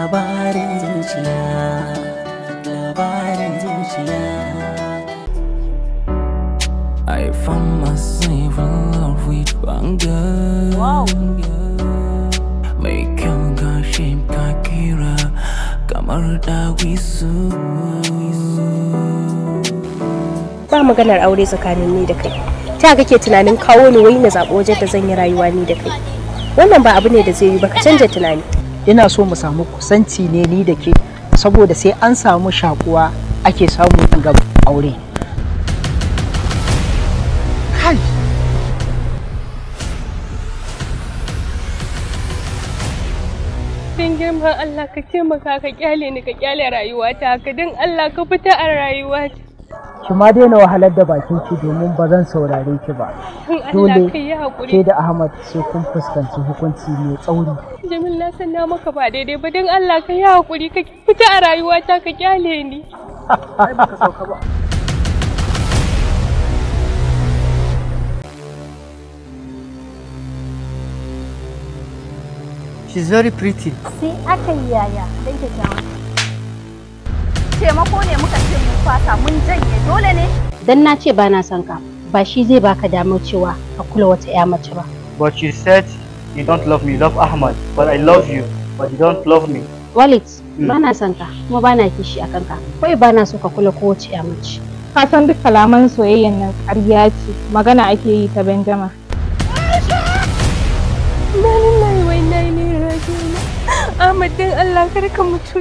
labarin zuciya labarin zuciya I found myself in love with one wow. Mai kyau ga ka kira kamar dawisu Ba maganar aure tsakanin ni da kai ta kake tunanin kawo ni wai na zaɓi wajen da zan yi rayuwa ni da kai wannan ba abu ne da zai yi ba ka canja tunani ina so mu samu kusanci ne ni da ke saboda sai an samu shakuwa ake samu ga aure kai don girma Allah ka taimaka ka kyale ni ka kyale rayuwata ka don Allah ka fita a rayuwata ki ma daina wahalar da bakin ki domin ba zan saurare ki ba dole ke da ahmad sai kun fuskanci hukunci mai tsauri jamil na san na maka ba daidai ba don allah ka yi hakuri ka fita a rayuwata ka kyale ni She's very pretty. Sai aka yaya, you, kyakkyawa. taimako ne muka ce mun fasa mun janye dole ne dan na ce ba na son ka ba shi zai baka damar cewa ka kula wata ya mace ba but you said you don't love me love Ahmad but I love you but you don't love me Walid hmm. ba na son ka kuma ba na kishi a kanka kai ba na so ka kula kowace ya mace ka san duk kalaman soyayyan nan ƙarya ce magana ake yi ta benjama Ahmad din Allah kar ka mutu